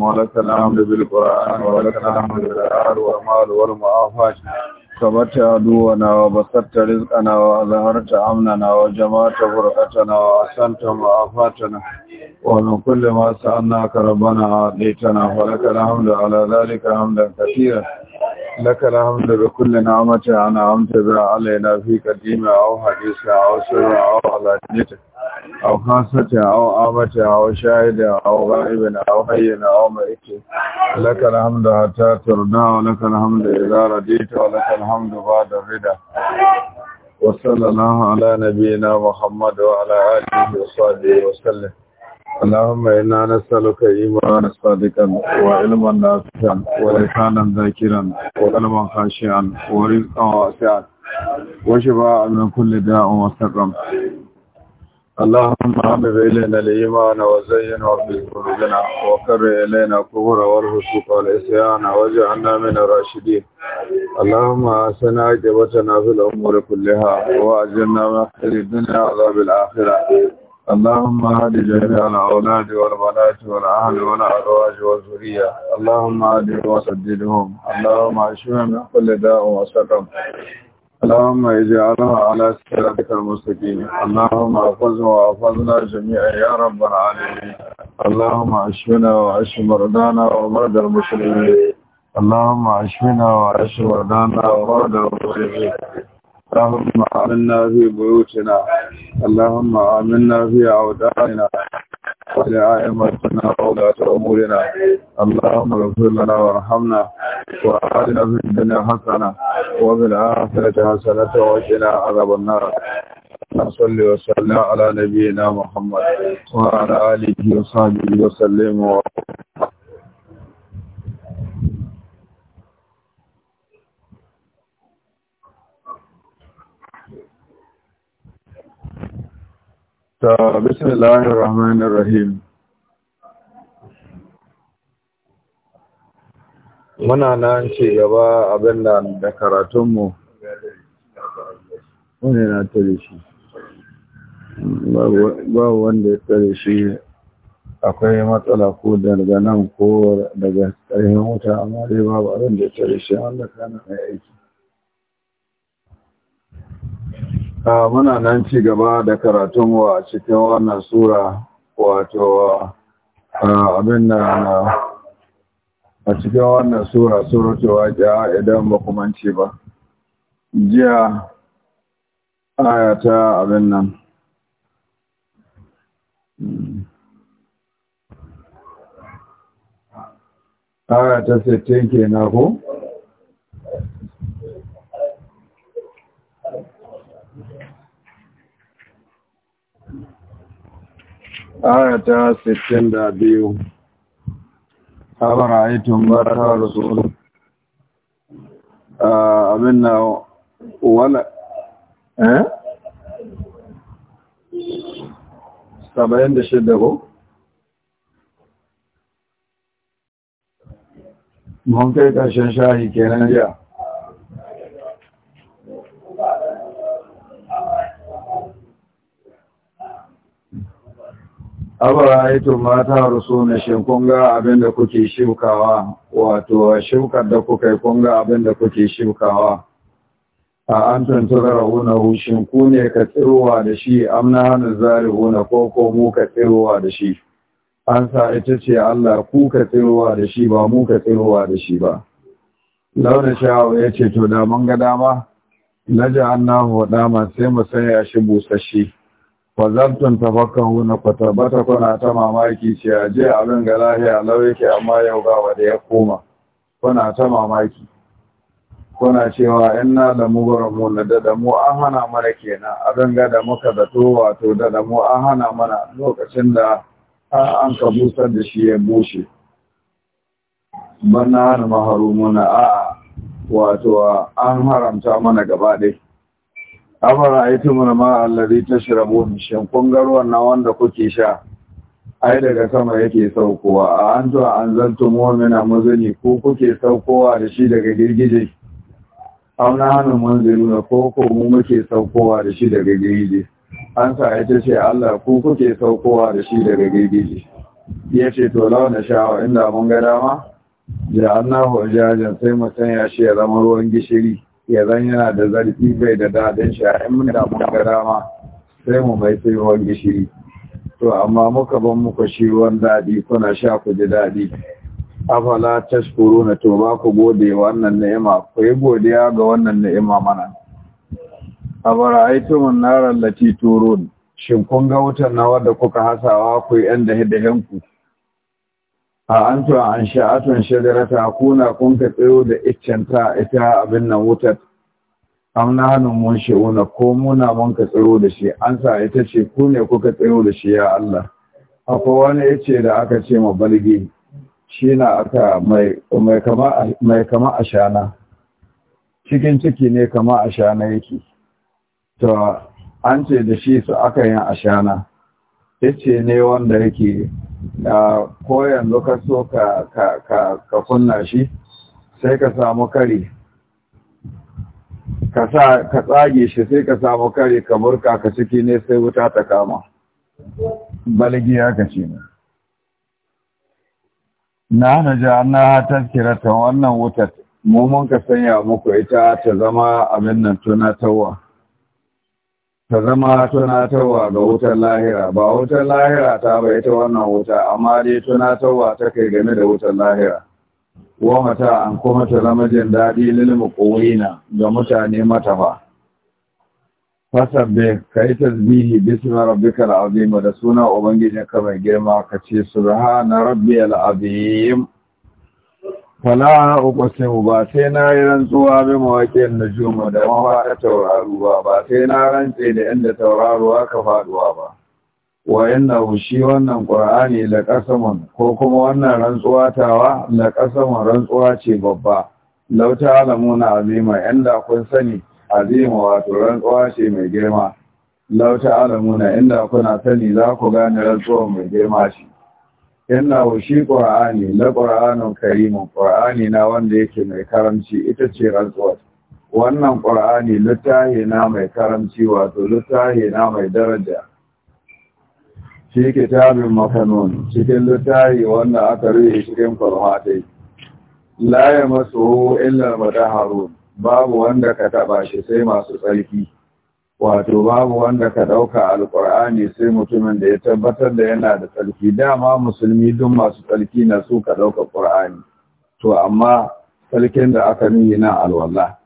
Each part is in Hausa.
ولك الحمد بالقرآن ولك الحمد بالآل والمال والمعافات كبت عدونا وبسطت رزقنا وأظهرت أمننا وجمعت فرقتنا وأحسنت معافاتنا ومن كل ما سألناك ربنا أعطيتنا ولك الحمد على ذلك حمدا كثيرا لك الحمد بكل نعمة أنعمت بها علينا في قديمة أو حديثة أو سرة أو علانية أو خاصة أو آمة أو شاهد أو غائب أو حينا أو ميت لك الحمد حتى ترنا ولك الحمد إذا رديت ولك الحمد بعد الرضا وصلى الله على نبينا محمد وعلى آله وصحبه وسلم اللهم إنا نسألك إيمانا صادقا وعلما نافعا ولسانا ذاكرا وقلبا خاشعا ورزقا واسعا وشفاء من كل داء وسقم اللهم عمر إلينا الإيمان وزينه في قلوبنا وقر إلينا الكفر والفسوق والعصيان واجعلنا من الراشدين اللهم أحسن عاقبتنا في الأمور كلها وأجرنا من خير الدنيا وعذاب الآخرة اللهم هد جميع الأولاد والبنات والأهل والأزواج والذرية اللهم هدهم وسددهم اللهم اشفهم من كل داء وسقم اللهم اجعلها على سيرتك المستقيم اللهم احفظنا واحفظنا جميعا يا رب العالمين اللهم اشفنا واشف مرضانا ومرضى المسلمين اللهم اشفنا واشف مرضانا ومرضى المسلمين اللهم آمنا في بيوتنا اللهم آمنا في أوداننا ولآئمتنا وولاة أمورنا اللهم اغفر لنا وارحمنا وآتنا في الدنيا حسنة وبالآخرة حسنة وقنا عذاب النار صل وسلم على نبينا محمد وعلى آله وصحبه وسلم بسم الله الرحمن الرحيم muna nan ce gaba abin da da karatunmu wani na tare shi babu wanda ya tare shi akwai matsala ko daga nan ko daga ƙarfin wuta amma dai ba abin da ya tare shi wanda kana mai aiki a muna nan ci gaba da karatunmu a cikin wannan sura wato abin da a cikin wannan sura suratul waqi'a idan ba kuma ce ba jiya ayata abin nan ayata sittin 60 kenan ko sittin da biyu. Abin a yi tumbar haru tsoro. Abin na wala. Eh? Saba'in da shidda ko? Mun kai ƙarshen shayi kenan jiya. ito mata rusuna shin kun ga abin da kuke shukawa wato shukar da kuka yi kun ga abin da kuke shukawa a an tuntura rahuna shin ku ne ka tsirowa da shi amna hannun zarihuna ko ko mu ka tsirowa da shi an sa ita ce Allah ku ka tsirowa da shi ba mu ka tsirowa da shi ba launin sha'awa ya ce to da mun ga dama na ji annahu dama sai mu sanya shi busasshe ta baka tafakkahu kwata-bata kuna ta mamaki ce a je abin ga lahiya lau yake amma yau ga wanda ya koma kuna ta mamaki kuna cewa inna da mu na da mu an hana mana kenan a ga da muka da to wato da da mu an hana mana lokacin da an ka busar da shi ya bushe Ban na hana muna a'a wato an haramta mana gaba ɗaya abara aiti mana ma allari ta Shin kun garuwan na wanda kuke sha ai daga sama yake saukowa a an a an zanto mu'mina muzuni ko kuke saukowa da shi daga girgije auna hannun manzilu na ko mu muke saukowa da shi daga girgije an sa ya ce Allah ku kuke saukowa da shi daga girgije ya ce to launa sha'awa inda mun ga dama da annahu sai mu sanya shi ya zama ruwan gishiri ya zan yana da zarfi bai da daɗin a in mun da mun ga dama sai mu mai tsohon gishiri to amma muka ban muku shi ruwan daɗi kuna sha ku ji daɗi afala tashkuru na to ba ku gode wannan ni'ima ku yi godiya ga wannan ni'ima mana abara mun naran lati turun shin kun ga wutan nawa da kuka hasawa ku yi yan ku? a an tuwa an sha'atun shagarata kuna kun ka tsayo da iccenta ita abin nan wutar an na hannun mun shi shi'una ko muna mun ka tsaro da shi an sa ita ce ku ne kuka tsaro da shi ya Allah akwai wani ya ce da aka ce ma balgi shi na aka mai kama a shana cikin ciki ne kama a shana yake to an ce da shi su aka yin a shana yace ne wanda yake ko yanzu ka so ka kunna shi sai ka samu kare ka tsage shi sai ka samu kare ka burka ka ciki ne sai wuta ta kama balgiya ka ce ne na naja na taskirata wannan wutar mu mun ka sanya muku ita ta zama abin nan tunatarwa ta zama tunatarwa ga wutar lahira ba wutar lahira ta bai ita wannan wuta amma dai tunatarwa ta kai game da wutar lahira wa mata an kuma ta zama jin daɗi lil muqawina ga mutane matafa fasabbe ka yi tasbihi bismi rabbikal azim da suna ubangijinka kamar girma ka ce subhana rabbiyal azim fala uqsimu ba sai na yi rantsuwa bi na juma da a tauraru ba ba sai na rantse da inda tauraru aka faduwa ba wa innahu shi wannan qur'ani la qasamun ko kuma wannan rantsuwa tawa la qasamun rantsuwa ce babba law ta'lamuna azima inda kun sani azima wato rantsuwa ce mai girma law ta'lamuna inda kuna sani za ku gane rantsuwa mai girma ce inna wa shi qur'ani la qur'anun karimun qur'ani na wanda yake mai karamci ita ce rantsuwa wannan qur'ani littahi na mai karamci wato littahi na mai daraja shi kitabin makanon cikin littahi wanda aka rufe cikin farmatai la masu illa al babu wanda ka taba shi sai masu tsarki wato babu wanda ka ɗauka alƙur'ani sai mutumin da ya tabbatar da yana da tsarki dama musulmi duk masu tsarki na su ka ɗauka ƙur'ani to amma tsarkin da aka nuni na alwala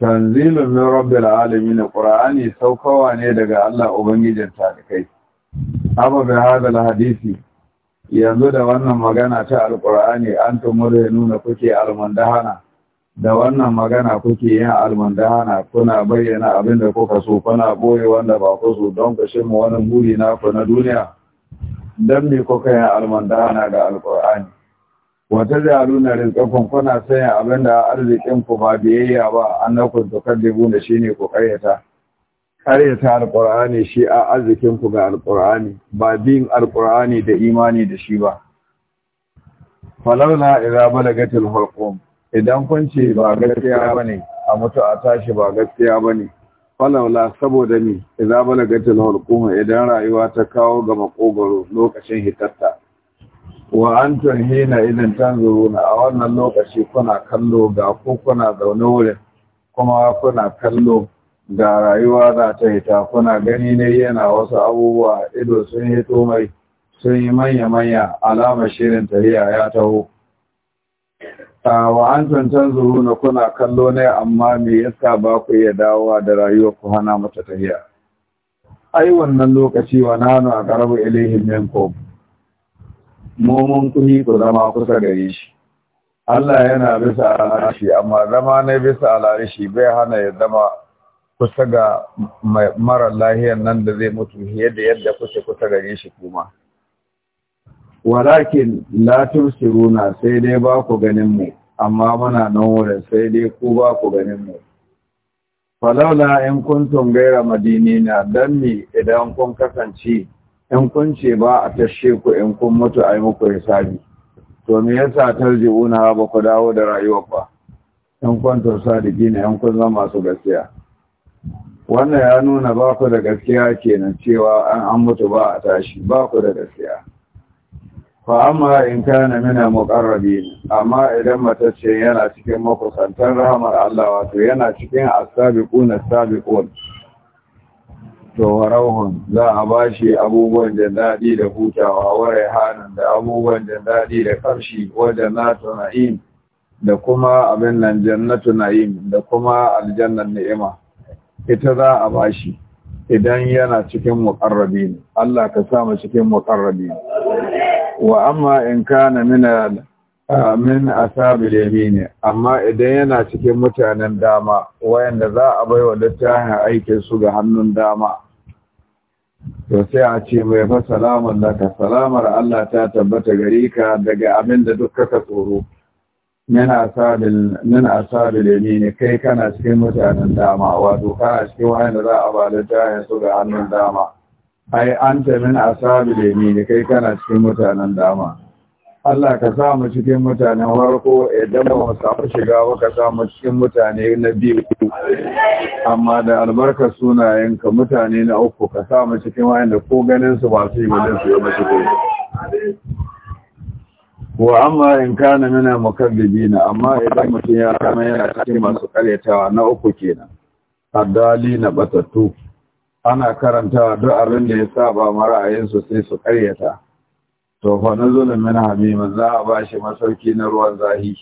tanzilun min rabbil alamin ƙur'ani saukawa ne daga Allah ubangijin talikai amma bi hadal hadisi yanzu da wannan magana ta an tumure nuna kuke almandahana da wannan magana kuke yin almandana kuna bayyana abin da kuka so kuna boye wanda ba ku so don ku shimma wani buri naku na duniya don me kuka yin almandana ga alkur'ani wata jaluna rizqakum kuna sanya abin da arzikin ku ba biyayya ba annakum tukadibu da shine ku karyata karyata alkur'ani shi a arzikin ku ga alkur'ani ba bin alkur'ani da imani da shi ba falawla idza balagatil hulqum idan kun ba gaskiya ba ne a mutu a tashi ba gaskiya ba ne falaula saboda ni idan balagatul hulkuma idan rayuwa ta kawo ga makogoro lokacin hitatta wa antum hina idan tanzuruna a wannan lokaci kuna kallo ga ko kuna zaune wurin kuma kuna kallo ga rayuwa za ta hita kuna gani ne yana wasu abubuwa ido sun hito mai sun yi manya-manya alamar shirin tariya ya taho Ah, wa an cancan zuru na kuna kallo ne amma me yasa ba ku iya dawowa da rayuwar ku hana mata tahiya ai wannan lokaci wa nanu a karabu ilaihi minkum mu mun kuni ku zama kusa gare shi Allah yana bisa alarishi amma zama ne bisa alarishi bai hana ya zama kusa ga mara lahiyar nan da zai mutu yadda yadda kuke kusa gare shi kuma walakin la tusiruna sai dai ba ku ganin mu amma muna nan wurin sai dai ku ba ku ganin mu falaula in kuntum gaira madinina dan ni idan kun kasance in kun ce ba a tashe ku in kun mutu ai muku hisabi to me yasa tarji'una ba ku dawo da rayuwar ba in kuntum sadiqina in kun zama masu gaskiya wannan ya nuna ba ku da gaskiya kenan cewa an an mutu ba a tashi ba ku da gaskiya fa amma in kana mina muqarrabin amma idan matacce yana cikin makusantar rahmar Allah wato yana cikin as-sabiqun as-sabiqun to warauhun za a bashi abubuwan da da hutawa wa hanan da abubuwan da da karshi wajen na na'im da kuma abin nan jannatu na'im da kuma aljannan ni'ima ita za a bashi idan yana cikin muqarrabin Allah ka sa mu cikin muqarrabin wa amma in kana min min da yamin amma idan yana cikin mutanen dama wayanda za a baiwa littafin aikin su ga hannun dama to sai a ce mai fa salamun ka? salamar Allah ta tabbata gare ka daga abin da duk kaka tsoro min asabi min asabil kai kana cikin mutanen dama wato kana cikin wayanda za a ba littafin su ga hannun dama ai an ta min asabi da ni kai kana cikin mutanen dama Allah ka sa mu cikin mutanen harko idan ba mu samu shiga ba ka sa cikin mutane na biyu amma da albarka ka mutane na uku ka sa mu cikin wayanda ko ganin su ba su yi wajen su ba su wa amma in kana mina mukaddibina amma idan mutum ya kama yana cikin masu karyatawa na uku kenan adali na batattu ana karantawa duk abin da ya saba ma ra'ayinsu sai su karyata to fa nazulun min hamima za a shi masauki na ruwan zahi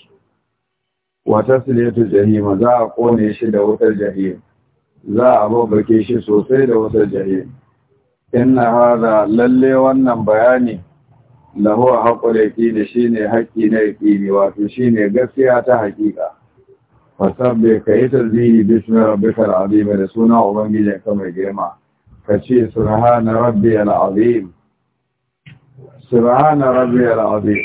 Wata siletu jahima za a kone shi da wutar jahim za a babbake shi sosai da wutar jahim inna haza lalle wannan bayani lahu haqqul shi ne haƙƙi na yaqini wato ne gaskiya ta haƙiƙa fasabbe ka yi tasbihi bismi rabbikal azim da suna ubangijin ka mai girma ka ce subhana rabbiyal azim subhana rabbiyal azim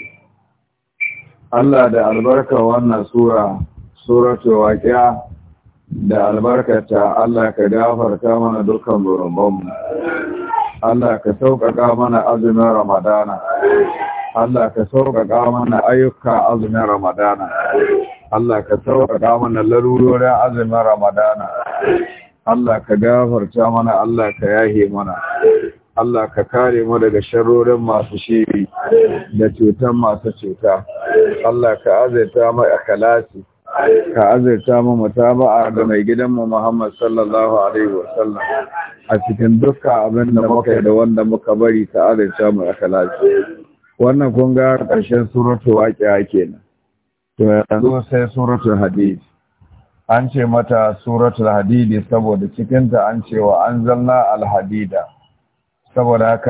Allah da albarka wannan sura suratul waqi'a da albarkata Allah ka gafarta mana dukkan zurbanmu Allah ka sauƙaƙa mana azumin Ramadana Allah ka sauƙaƙa mana ayyuka azumin Ramadana Allah ka sauƙaƙa mana larurorin azumin Ramadana Allah ka gafarta mana Allah ka yahe mana Allah ka kare mu daga sharorin masu shiri da cutan masu cuta Allah ka azaita mu akhlasi ka azaita mu mutaba'a ga mai gidanmu Muhammad sallallahu alaihi wasallam a cikin dukkan abin da muka da wanda muka bari ka azaita mu akhlasi wannan kun ga ƙarshen suratul waqi'a kenan to yanzu sai suratul hadid an ce mata suratul hadidi saboda cikinta an cewa an zanna alhadida saboda haka